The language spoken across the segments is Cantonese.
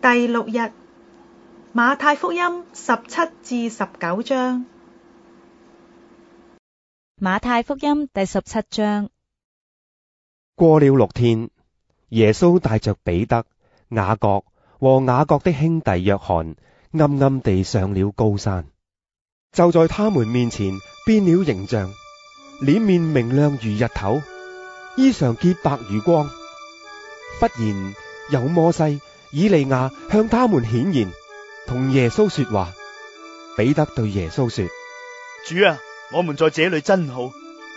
.第六日，馬太福音十七至十九章。馬太福音第十七章。過了六天，耶穌帶着彼得、雅各和雅各的兄弟約翰，暗暗地上了高山，就在他們面前變了形象，臉面明亮如日頭，衣裳潔白如光。忽然有摩西。以利亞向他們顯現，同耶穌說話。彼得對耶穌說：主啊，我們在這裏真好。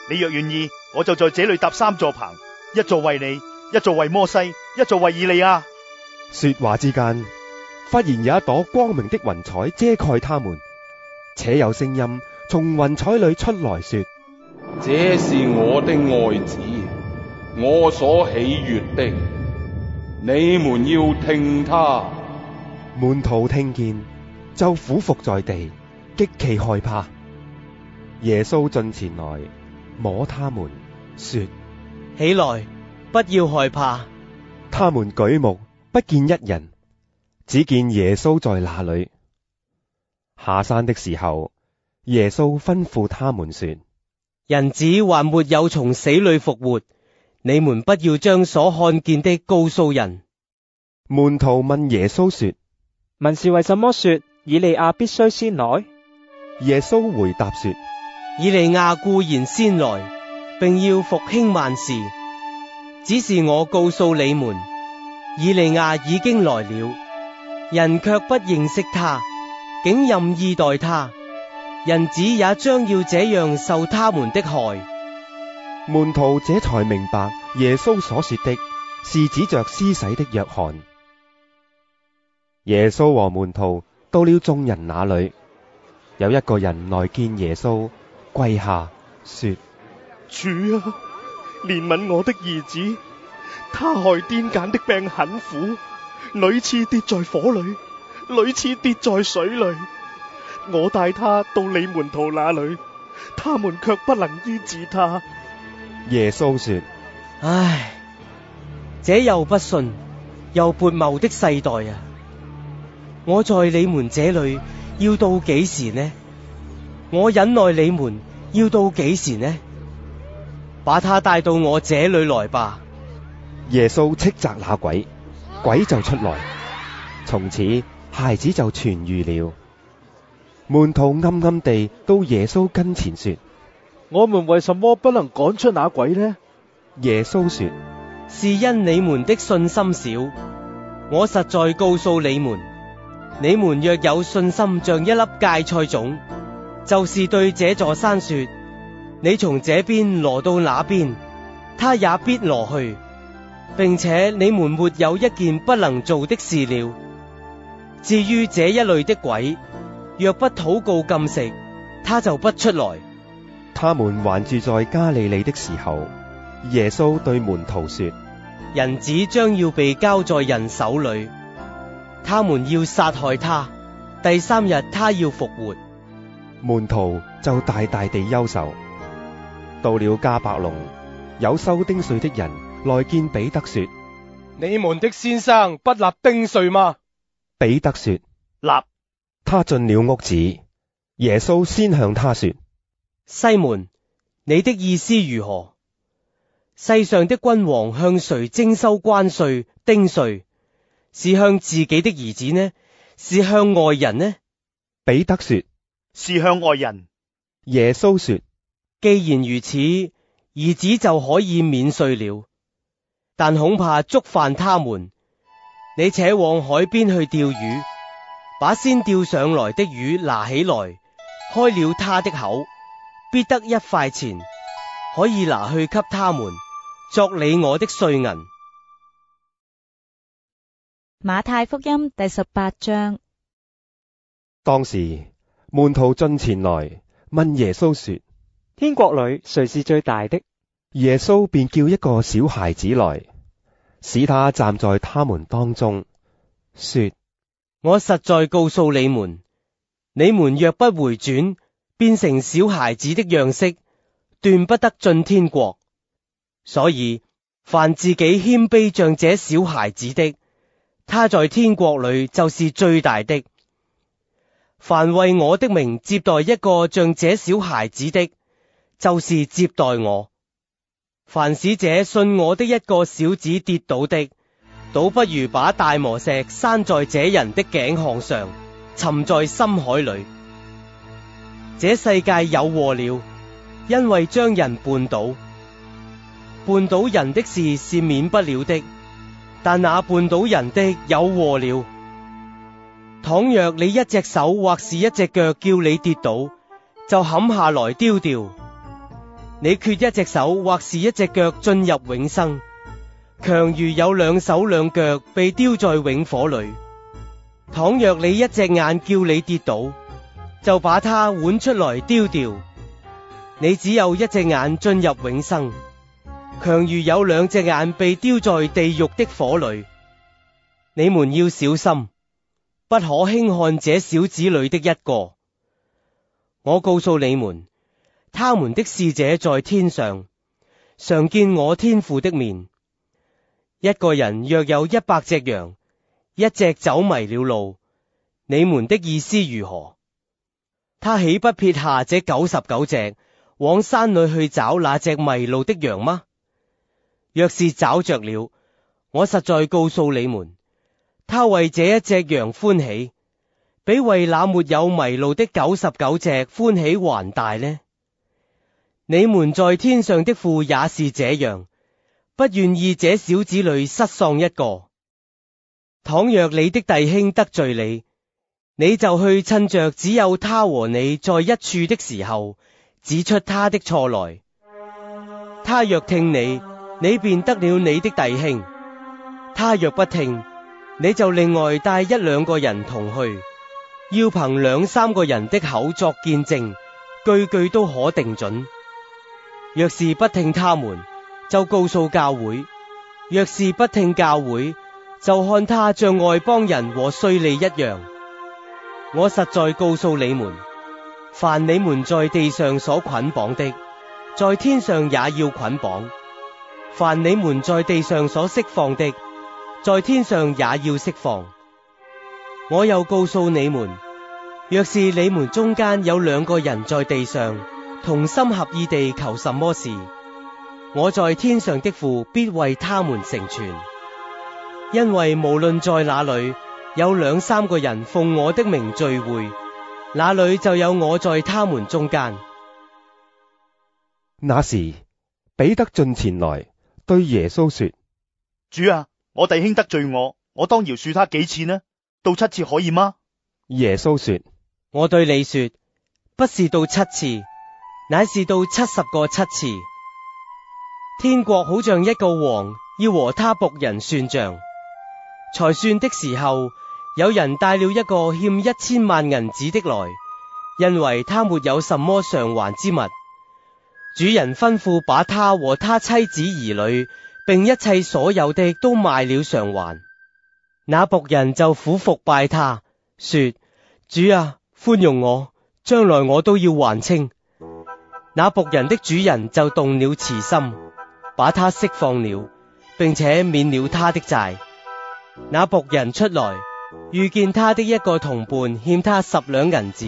你若願意，我就在這裏搭三座棚，一座為你，一座為摩西，一座為以利亞。說話之間，忽然有一朵光明的雲彩遮蓋他們，且有聲音從雲彩裏出來說：這是我的愛子，我所喜悅的。你們要聽他。門徒聽見，就俯伏在地，極其害怕。耶穌進前來摸他們，說：起來，不要害怕。他們舉目不見一人，只見耶穌在那裏。下山的時候，耶穌吩咐他們說：人子還沒有從死裏復活。你們不要將所看見的告訴人。門徒問耶穌說：文士為什麼說，以利亞必須先來？耶穌回答說：以利亞固然先來，並要復興萬事，只是我告訴你們，以利亞已經來了，人卻不認識他，竟任意待他，人子也將要這樣受他們的害。門徒這才明白耶穌所說的是指着施洗的約翰。耶穌和門徒到了眾人那裏，有一個人來見耶穌，跪下說：主啊，憐憫我的兒子，他害癲癇的病很苦，屢次跌在火裏，屢次跌在水裏，我帶他到你門徒那裏，他們卻不能醫治他。耶穌說：唉，這又不信又悖謬的世代啊！我在你們這裏要到幾時呢？我忍耐你們要到幾時呢？把他帶到我這裏來吧。耶穌斥責那鬼，鬼就出來，從此孩子就痊癒了。門徒暗暗地到耶穌跟前說。我們為什麼不能趕出那鬼呢？耶穌說：是因你們的信心少。我實在告訴你們，你們若有信心像一粒芥菜種，就是對這座山說：你從這邊挪到那邊，他也必挪去，並且你們沒有一件不能做的事了。至於這一類的鬼，若不禱告禁食，他就不出來。他們還住在加利利的時候，耶穌對門徒說：人子將要被交在人手裏，他們要殺害他，第三日他要復活。門徒就大大地憂愁。到了迦百農，有收丁稅的人來見彼得說：你們的先生不納丁稅嗎？彼得說：納。他進了屋子，耶穌先向他說。西門，你的意思如何？世上的君王向誰徵收關稅、丁稅？是向自己的兒子呢？是向外人呢？彼得說：是向外人。耶穌說：既然如此，兒子就可以免稅了。但恐怕觸犯他們，你且往海邊去釣魚，把先釣上來的魚拿起來，開了他的口。必得一塊錢，可以拿去給他們作你我的稅銀。馬太福音第十八章。當時門徒進前來問耶穌說：天國裏誰是最大的？耶穌便叫一個小孩子來，使他站在他們當中，說：我實在告訴你們，你們若不回轉。變成小孩子的樣式，斷不得進天國。所以，凡自己謙卑像這小孩子的，他在天國裏就是最大的。凡為我的名接待一個像這小孩子的，就是接待我。凡使這信我的一個小子跌倒的，倒不如把大磨石拴在這人的頸項上，沉在深海裏。這世界有禍了，因為將人絆倒，絆倒人的事是免不了的，但那絆倒人的有禍了。倘若你一隻手或是一隻腳叫你跌倒，就砍下來丟掉。你缺一隻手或是一隻腳，進入永生，強如有兩手兩腳被丟在永火裏。倘若你一隻眼叫你跌倒，就把它剜出來丟掉。你只有一隻眼進入永生，強如有兩隻眼被丟在地獄的火裏。你們要小心，不可輕看這小子裏的一個。我告訴你們，他們的使者在天上，常見我天父的面。一個人若有一百隻羊，一隻走迷了路，你們的意思如何？他豈不撇下這九十九隻，往山裏去找那隻迷路的羊嗎？若是找着了，我實在告訴你們，他為這一隻羊歡喜，比為那沒有迷路的九十九隻歡喜還大呢。你們在天上的父也是這樣，不願意這小子裏失喪一個。倘若你的弟兄得罪你，你就去趁着只有他和你在一處的時候，指出他的錯來。他若聽你，你便得了你的弟兄；他若不聽，你就另外帶一兩個人同去，要憑兩三個人的口作見證，句句都可定準。若是不聽他們，就告訴教會；若是不聽教會，就看他像外邦人和稅吏一樣。我實在告訴你們，凡你們在地上所捆綁的，在天上也要捆綁；凡你們在地上所釋放的，在天上也要釋放。我又告訴你們，若是你們中間有兩個人在地上，同心合意地求什麼事，我在天上的父必為他們成全，因為無論在哪裏，有兩三個人奉我的名聚會，那裏就有我在他們中間。那時彼得進前來對耶穌說：主啊，我弟兄得罪我，我當饒恕他幾次呢？到七次可以嗎？耶穌說：我對你說，不是到七次，乃是到七十個七次。天國好像一個王要和他僕人算賬，才算的時候。有人帶了一個欠一千萬銀子的來，因為他沒有什麼償還之物。主人吩咐把他和他妻子兒女，並一切所有的都賣了償還。那僕人就俯伏拜他，說：主啊，寬容我，將來我都要還清。那僕人的主人就動了慈心，把他釋放了，並且免了他的債。那僕人出來。遇見他的一個同伴欠他十兩銀子，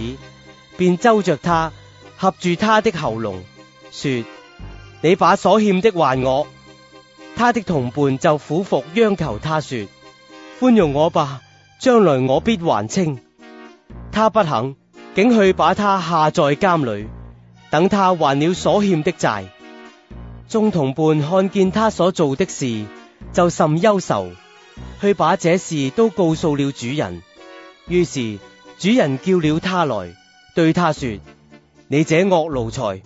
便揪着他，合住他的喉嚨，說：你把所欠的還我。他的同伴就苦服央求他說：寬容我吧，將來我必還清。他不肯，竟去把他下在監裏，等他還了所欠的債。眾同伴看見他所做的事，就甚憂愁。去把這事都告訴了主人，於是主人叫了他來，對他說：你這惡奴才，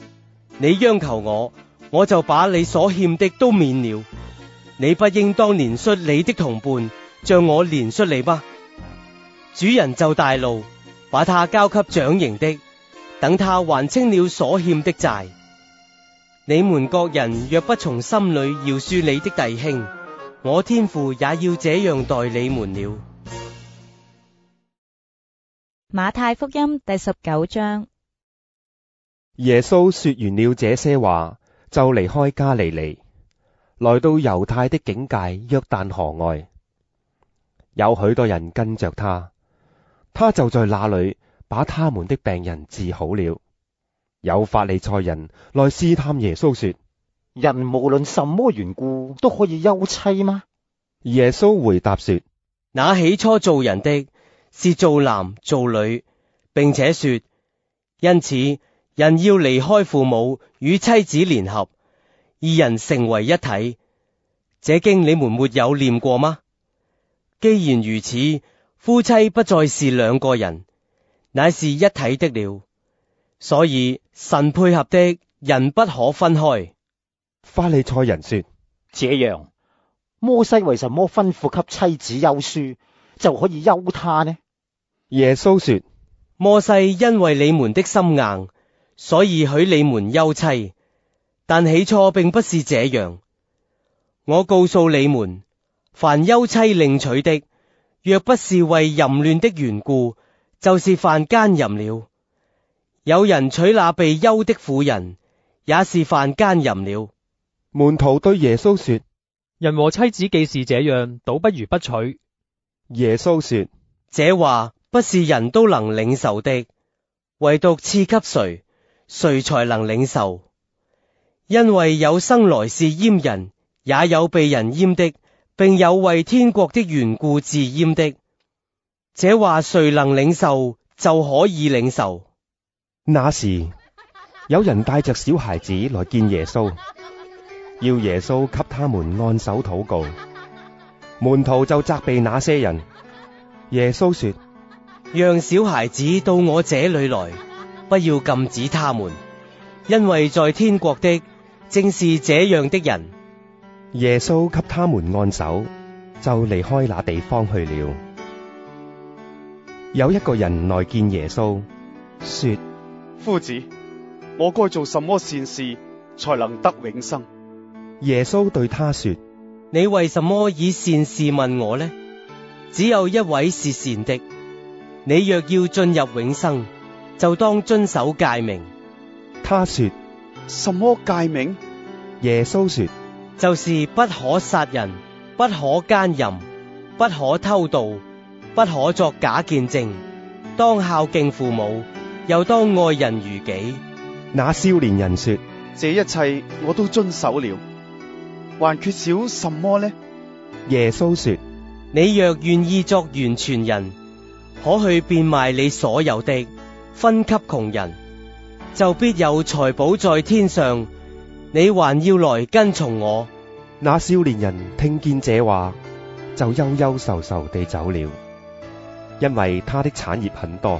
你央求我，我就把你所欠的都免了。你不應當憐恤你的同伴，將我憐恤你嗎？主人就大怒，把他交給掌刑的，等他還清了所欠的債。你們各人若不從心裏饒恕你的弟兄，我天父也要這樣待你們了。馬太福音第十九章。耶穌說完了這些話，就離開加利利，來到猶太的境界約旦河外。有許多人跟着他，他就在那裏把他們的病人治好了。有法利賽人來試探耶穌說。人無論什麼緣故都可以休妻嗎？耶穌回答說：那起初造人的是造男造女，並且說：因此人要離開父母與妻子聯合，二人成為一體。這經你們沒有念過嗎？既然如此，夫妻不再是兩個人，乃是一體的了。所以神配合的人不可分開。法利賽人說：這樣摩西為什麼吩咐給妻子休書，就可以休他呢？耶穌說：摩西因為你們的心硬，所以許你們休妻，但起初並不是這樣。我告訴你們，凡休妻另娶的，若不是為淫亂的緣故，就是犯姦淫了。有人娶那被休的婦人，也是犯姦淫了。門徒對耶穌說：人和妻子既是這樣，倒不如不娶。耶穌說：這話不是人都能領受的，唯獨賜給誰，誰才能領受。因為有生來是閹人，也有被人閹的，並有為天國的緣故自閹的。這話誰能領受就可以領受。那時有人帶着小孩子來見耶穌。要耶穌給他們按手禱告，門徒就責備那些人。耶穌說：讓小孩子到我這裏來，不要禁止他們，因為在天國的，正是這樣的人。耶穌給他們按手，就離開那地方去了。有一個人來見耶穌，說：夫子，我該做什麼善事，才能得永生？耶穌對他說：你為什麼以善事問我呢？只有一位是善的。你若要進入永生，就當遵守誡命。他說：什麼誡命？耶穌說：就是不可殺人，不可奸淫，不可偷盜，不可作假見證，當孝敬父母，又當愛人如己。那少年人說：這一切我都遵守了。還缺少什麼呢？耶穌說：你若願意作完全人，可去變賣你所有的，分給窮人，就必有財寶在天上。你還要來跟從我。那少年人聽見這話，就憂憂愁愁地走了，因為他的產業很多。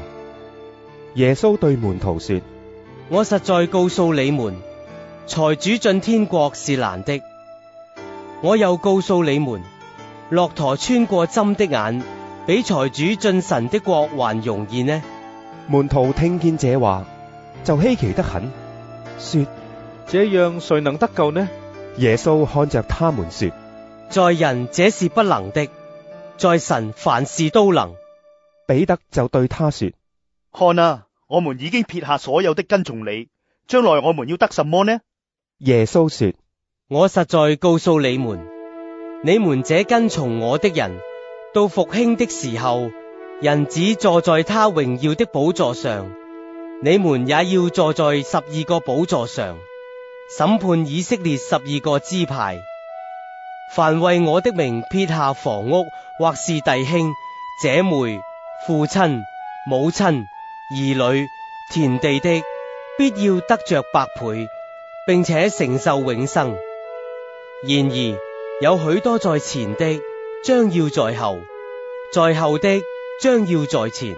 耶穌對門徒說：我實在告訴你們，財主進天國是難的。我又告訴你們，駱駝穿過針的眼，比財主進神的國還容易呢。門徒聽見這話，就稀奇得很，說：這樣誰能得救呢？耶穌看着他們說：在人這是不能的，在神凡事都能。彼得就對他說：看啊，我們已經撇下所有的跟從你，將來我們要得什麼呢？耶穌說：我實在告訴你們，你們這跟從我的人，到復興的時候，人子坐在他榮耀的寶座上，你們也要坐在十二個寶座上，審判以色列十二個支派，凡為我的名撇下房屋，或是弟兄、姐妹、父親、母親、兒女、田地的，必要得着百倍，並且承受永生。然而，有許多在前的將要在後，在後的將要在前。